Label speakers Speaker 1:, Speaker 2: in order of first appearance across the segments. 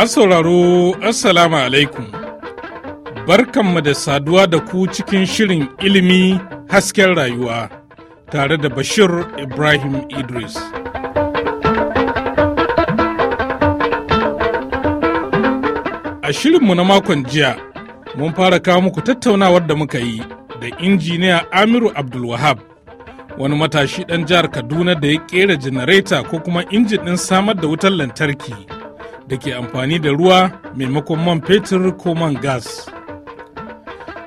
Speaker 1: Masu sauraro Assalamu alaikum. Barkanmu da saduwa da ku cikin shirin ilimi hasken rayuwa tare da Bashir Ibrahim Idris. A shirinmu na makon jiya, mun fara kawo muku tattaunawar da muka yi da injiniya Amiru Abdulwahab, wani matashi ɗan jihar Kaduna da ya ƙera janareta ko kuma injin ɗin samar da wutar lantarki. da ke amfani da ruwa maimakon man fetur ko man gas.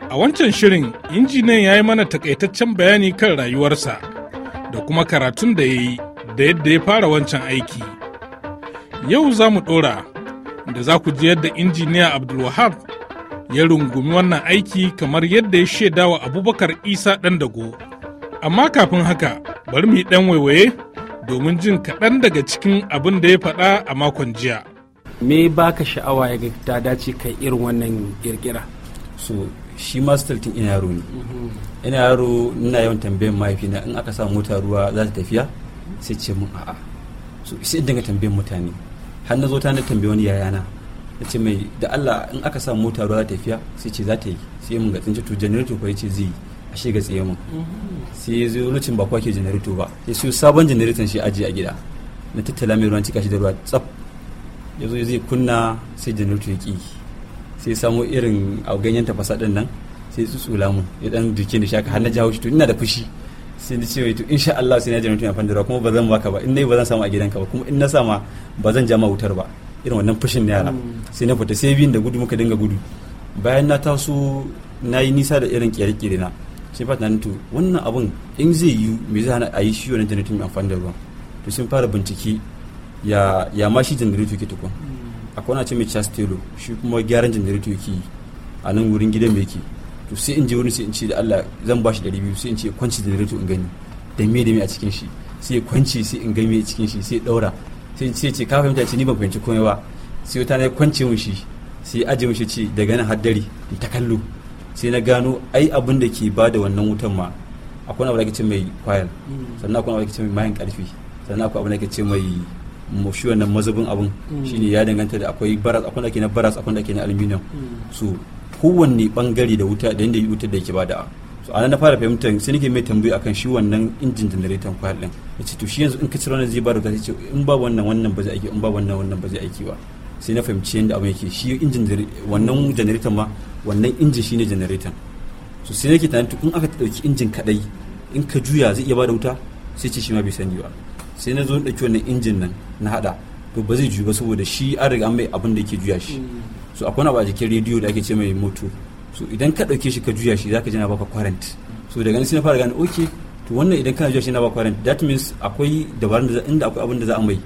Speaker 1: A wancan shirin injiniyan ya yi mana takaitaccen bayani kan rayuwarsa da kuma karatun da ya yi da yadda ya fara wancan aiki. Yau za mu ɗora da za ku ji yadda injiniya Abdulwahab ya rungumi wannan aiki kamar yadda ya shaida wa Abubakar Isa ɗan dago. Amma kafin haka bari mu yi ɗan waiwaye domin jin kaɗan daga cikin abin da ya faɗa a makon jiya. me baka sha'awa ya ta dace kai irin wannan kirkira
Speaker 2: so shi master tin ina yaro ne ina yaro ina yawan mahaifi mahaifina in aka sa mota ruwa za ta tafiya sai ce mun a'a so sai in dinga tambayan mutane har na zo ta na tambayi wani yayana na ce mai da Allah in aka sa mota ruwa za ta tafiya sai ce za ta yi sai mun ga tsinci to generator ko yace zai a shiga tsaye mun sai ya zo lokacin ba kwa ke generator ba ya siyo sabon generator shi ajiye a gida na tattala mai ruwan cika shi da ruwa tsaf ya zo zai kunna sai janareto ya ki sai samo irin a ganyen tafasa din nan sai tsula mu ya dan duke ni shaka har na jawo shi to ina da fushi sai ni cewa to insha Allah sai na janareto ya fandara kuma ba zan baka ba in nayi ba zan samu a gidanka ba kuma in na sama ba zan jama wutar ba irin wannan fushin na yara mm. sai na fita sai biyun da gudu muka dinga gudu bayan na taso na yi nisa da irin kere-kere na sai fata to wannan abun in zai yi me zai hana a yi shi wannan janareto mai amfani da ruwan to sun fara bincike ya ya ma shi janareto yake tukun mm. a wani ce mai chastelo shi kuma gyaran janareto yake yi a nan wurin gidan mai ke to sai in je wurin sai in ce da Allah zan bashi ɗari biyu sai in ce kwanci janareto in gani da me da me a cikin shi sai kwanci sai in gami a cikin shi sai daura sai sai ce ka fahimta ce ni ban fahimci komai ba sai wata na kwance mun shi sai aje mun shi ce daga nan haddari in ta kallo sai na gano ai abin da ke ba da wannan wutan ma akwai abu da ake ce mai kwayar mm. sannan akwai abu da ake ce mai mayan karfi sannan akwai abu da ake ce mai mafi wannan mazubin abun mm. shine ya danganta da akwai baras akwai ake na baras akwai ake na aluminium mm. so kowanne bangare da wuta da yanda wutar da yake bada so anan na fara fahimtar sai nake mai tambayi akan shi wannan injin generator kwal din yace to shi yanzu in ka cire wannan zai bada wuta ce in ba wannan wannan ba zai aiki in ba wannan wannan ba zai aiki ba sai na fahimci yadda abin yake shi injin wannan generator ma wannan injin shine generator so sai nake tunanin in aka dauki injin kadai in ka juya zai iya bada wuta sai ce shi ma bai sani ba sai na zo da wannan injin nan na haɗa to ba zai juyu ba saboda shi an riga mai abin da yake juya shi mm. so akwai abu a jikin rediyo da ake ce mai moto so idan ka ɗauke shi ka juya shi zaka ji na baka current so daga nan sai na fara gane okay to wannan idan kana juya shi na baka current that means akwai dabarun da inda akwai abin da za a mai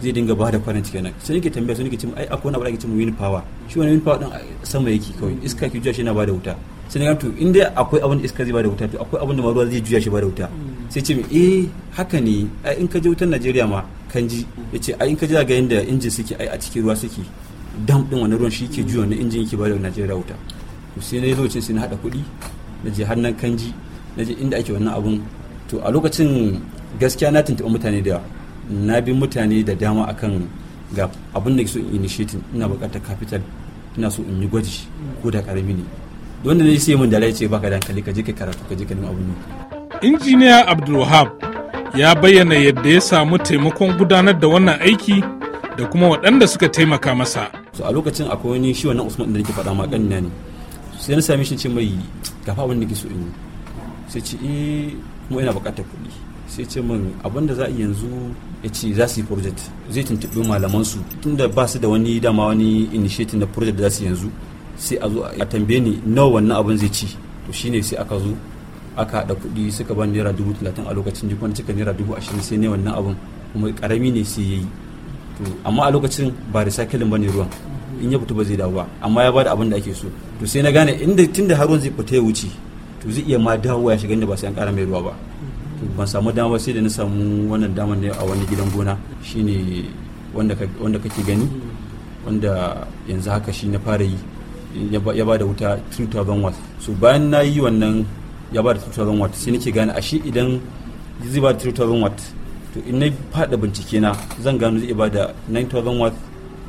Speaker 2: zai dinga ba da current kenan sai nake tambaya sai nake ce ai akwai wani abu da ake ce wind power shi wani wind power din sama yake kawai iska ke juya shi na ba da wuta sai na to in dai akwai abin da iska zai ba da wuta to akwai abin da ruwa zai juya shi ba da wuta mm. sai ce eh haka ne a in ka je wutar Najeriya ma kan ji ce a in ka je ga yanda injin suke a cikin ruwa suke dam din wani ruwan shi ke juya na injin yake ba da Najeriya wuta to sai na yi zaucin sai na hada kuɗi na je har nan kanji na je inda ake wannan abun to a lokacin gaskiya na tuntuɓi mutane da na bi mutane da dama akan ga abin da so in initiating ina buƙatar capital ina so in yi gwaji ko da karami ne
Speaker 1: wanda ne sai mun da lai ce baka dankali ka je ka karatu ka je ka nemi ne injiniya abdulwahab ya bayyana yadda ya samu taimakon gudanar da wannan aiki da kuma waɗanda suka taimaka masa so a lokacin akwai wani shi wannan usman da nake faɗa ma kan ne sai na
Speaker 2: same shi ce mai gafa wanda nake so in yi sai ce eh kuma yana buƙatar kuɗi sai ce min abin da za a yanzu ya ce za su yi project zai tuntuɓi malaman su tunda ba su da wani dama wani initiative na project da za su yanzu sai a zo a tambaye ni nawa wannan abin zai ci to shine sai aka zo aka haɗa kuɗi suka ban naira dubu talatin a lokacin duk wani cika naira dubu ashirin sai ne wannan abun kuma karami ne sai yayi to amma a lokacin ba recycling bane ruwan in ya fito ba zai dawo ba amma ya bada abin da ake so to sai na gane inda tunda har ruwan zai fita ya wuce to zai iya ma dawo ya shiga inda ba sai an ƙara mai ruwa ba to ban samu dama sai da na samu wannan daman ne a wani gidan gona shine wanda wanda kake gani wanda yanzu haka shi na fara yi ya ba da wuta 2000 watt so bayan na yi wannan ya ba da 2000 watt sai nake gane ashe idan zai ba da 2000 watt to in na fada bincike na zan gano zai ba da 9000 watt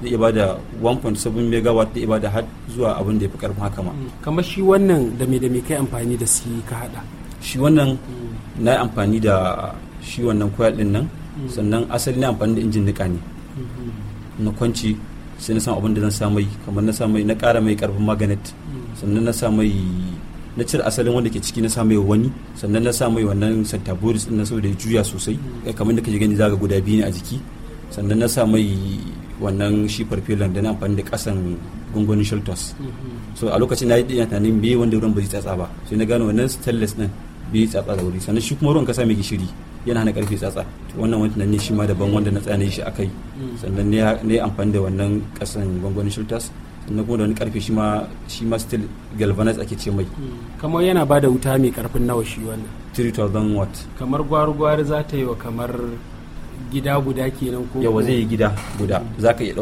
Speaker 2: zai ba da 1.7 megawatt zai ba da har zuwa abin da ya fi karfin haka ma mm. kamar shi wannan da me da me kai amfani da su ka hada shi wannan mm. na amfani da shi wannan koyar din nan mm. sannan asali na amfani da injin niƙa ne mm-hmm. na kwanci sai na samu abin da zan samai kamar na samai na ƙara mai karfin maganet sannan na samai na cire asalin wanda ke ciki na sa mai wani sannan na sa mai wannan santa boris din na saboda ya juya sosai eh, kamar da kake gani zaga guda biyu ne a jiki sannan na sa mai wannan shi farfelon da na amfani da kasan gungunin shelters mm-hmm. so a lokacin na yi ta tunanin biyu wanda ruwan ba zai tsatsa ba sai na gano wannan stainless din biyu tsatsa da wuri sannan shi kuma ruwan ka mai gishiri yana hana karfe tsatsa wannan wani ne shi ma daban wanda na tsane shi akai mm. sannan ne amfani da wannan kasan gungunin shelters na kuma da wani karfe shi ma shi ma still galvanize ake ce mai hmm. kamar yana ba da wuta mai karfin nawa shi wannan 3000 watt kamar gwari-gwari za ta yi wa kamar gida guda kenan ko yawa zai yi gida guda za ka zai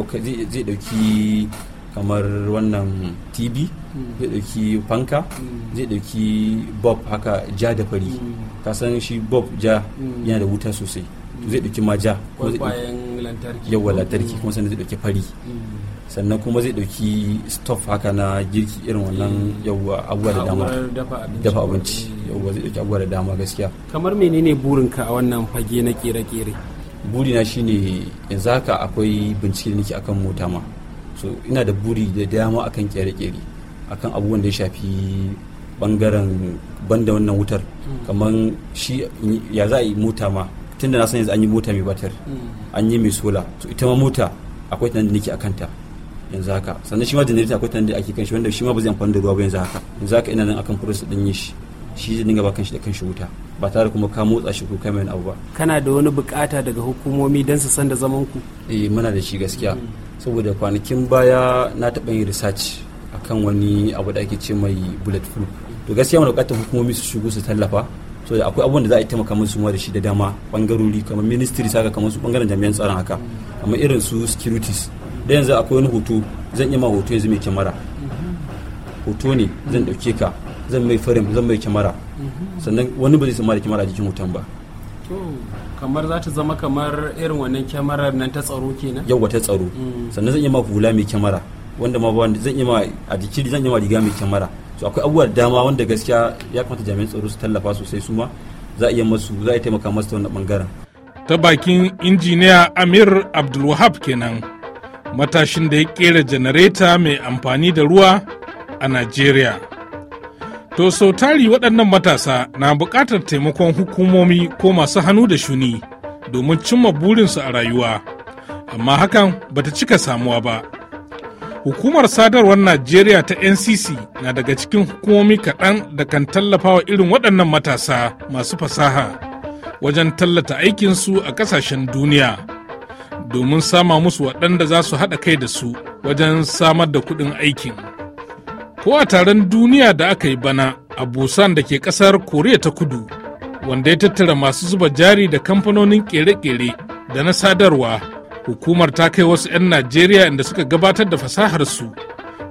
Speaker 2: dauki kamar wannan tv hmm. zai dauki fanka hmm. zai dauki bob haka ja da fari ka san shi bob ja yana da wuta sosai zai dauki ma ja ko zai yawa lantarki kuma sannan zai dauki fari sannan kuma zai dauki stuff haka na girki irin wannan yawwa abuwa da dama dafa abinci yawwa zai dauki abuwa da dama gaskiya kamar menene burinka a wannan fage na kere-kere Buri na shine yanzu haka akwai bincike da nake akan mota ma so ina da buri da dama akan kere-kere akan abubuwan da ya shafi bangaren banda wannan wutar mm. kamar shi ya za a yi mota ma tunda na san yanzu an yi mota mai batar mm. an yi mai sola to ita ma mota akwai tunanin da nake akanta yanzu haka sannan shi ma generator akwai da ake kan shi wanda shi ma ba zai amfani da ruwa ba yanzu haka yanzu haka ina nan akan process din yi shi shi zai dinga ba shi da kan shi wuta ba tare kuma ka motsa shi ko ka mai abu ba kana da wani bukata daga hukumomi don su san da zaman ku eh muna da shi gaskiya saboda kwanakin baya na taɓa yin research akan wani abu da ake ce mai bullet proof to gaskiya muna bukatar hukumomi su shigo su tallafa so da akwai abubuwan da za a yi taimaka musu ma da shi da dama bangarori kamar ministry saka kamar su bangaren jami'an tsaron haka kamar irin su securities da yanzu akwai wani hoto zan yi ma hoto yanzu mai kyamara hoto ne zan dauke ka zan mai farin zan mai kyamara sannan wani ba zai sama da kyamara a jikin hoton ba kamar za ta zama kamar irin wannan kyamarar nan ta tsaro kenan yawa ta tsaro mm. sannan zan yi ma hula mai kyamara wanda ma wanda zan yi ma a jiki zan yi ma riga mai kyamara so akwai abubuwa dama wanda gaskiya ya kamata jami'an tsaro su tallafa sosai su ma za a iya masu za a taimaka
Speaker 1: masu ta wannan bangaren ta bakin injiniya amir abdulwahab kenan matashin da ya kera janareta mai amfani da ruwa a Najeriya. To sau tari waɗannan matasa na buƙatar taimakon hukumomi ko masu hannu da shuni domin cimma burinsu a rayuwa, amma hakan ta cika samuwa ba. Hukumar sadarwar Najeriya ta NCC na daga cikin hukumomi kaɗan da kan tallafawa irin waɗannan matasa masu fasaha wajen tallata aikinsu a ƙasashen duniya. domin sama musu waɗanda za su haɗa kai da su wajen samar da kuɗin aikin. Ko a taron duniya da aka yi bana a Busan da ke ƙasar Koriya ta kudu, wanda ya tattara masu zuba jari da kamfanonin ƙere-ƙere da na sadarwa, hukumar ta kai wasu 'yan Najeriya inda suka gabatar da fasahar su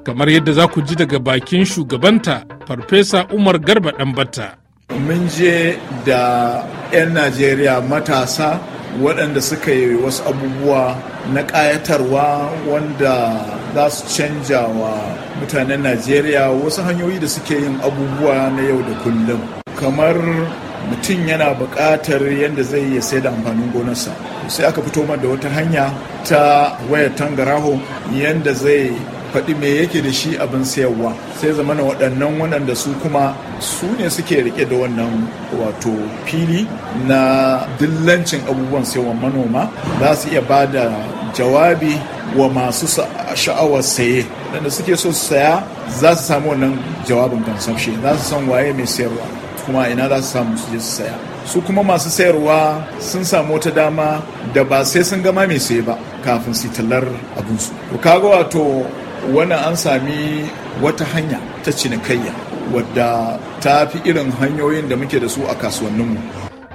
Speaker 1: kamar yadda za ku ji daga bakin shugabanta Farfesa Umar Garba Ɗanbata.
Speaker 3: Mun je da 'yan Najeriya matasa waɗanda suka yi wasu abubuwa na ƙayatarwa wanda za su canja wa mutanen najeriya wasu hanyoyi da suke yin abubuwa na yau da kullum kamar mutum yana buƙatar yadda zai iya sai da amfanin gonarsa sai aka fito da wata hanya ta waya tangaraho yadda zai faɗi me yake da shi abin sayarwa sai zamana waɗannan waɗanda su kuma su ne suke rike da wannan wato fili na dillancin abubuwan sayarwa manoma za su iya ba da jawabi wa masu sha'awar saye waɗanda suke so su saya za su samu wannan jawabin gansamshe za su san waye mai sayarwa kuma ina za su samu su je su saya su kuma masu sayarwa sun samu wata dama da ba sai sun gama mai saye ba kafin su tallar abinsu kaga wato wannan an sami wata hanya ta cinikayya wadda ta fi irin hanyoyin da muke da su a kasuwanninmu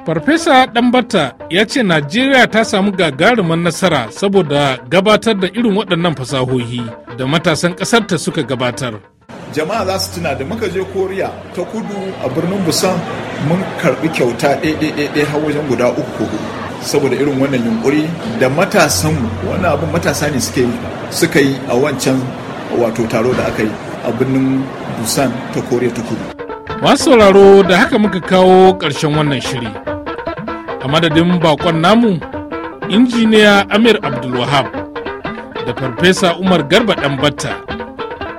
Speaker 1: farfesa ɗanbata ya ce najeriya ta samu gagarumin nasara saboda gabatar da irin waɗannan fasahohi da matasan ƙasarta suka gabatar
Speaker 3: jama'a za su tuna da muka je koriya ta kudu a birnin busan mun karɓi kyauta ɗaiɗaiɗaiɗai har wajen guda uku ko hudu saboda irin wannan yunkuri da matasanmu wani abin matasa ne suke suka yi a wancan wato taro da aka yi a birnin busan ta koriya ta kudu
Speaker 1: masu sauraro da haka muka kawo ƙarshen wannan shiri a madadin bakon namu injiniya amir abdulwahab da farfesa umar garba batta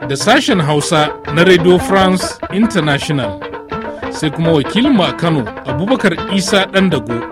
Speaker 1: da sashen hausa na radio france international sai kuma wakilinmu a kano abubakar isa Ɗandago. dago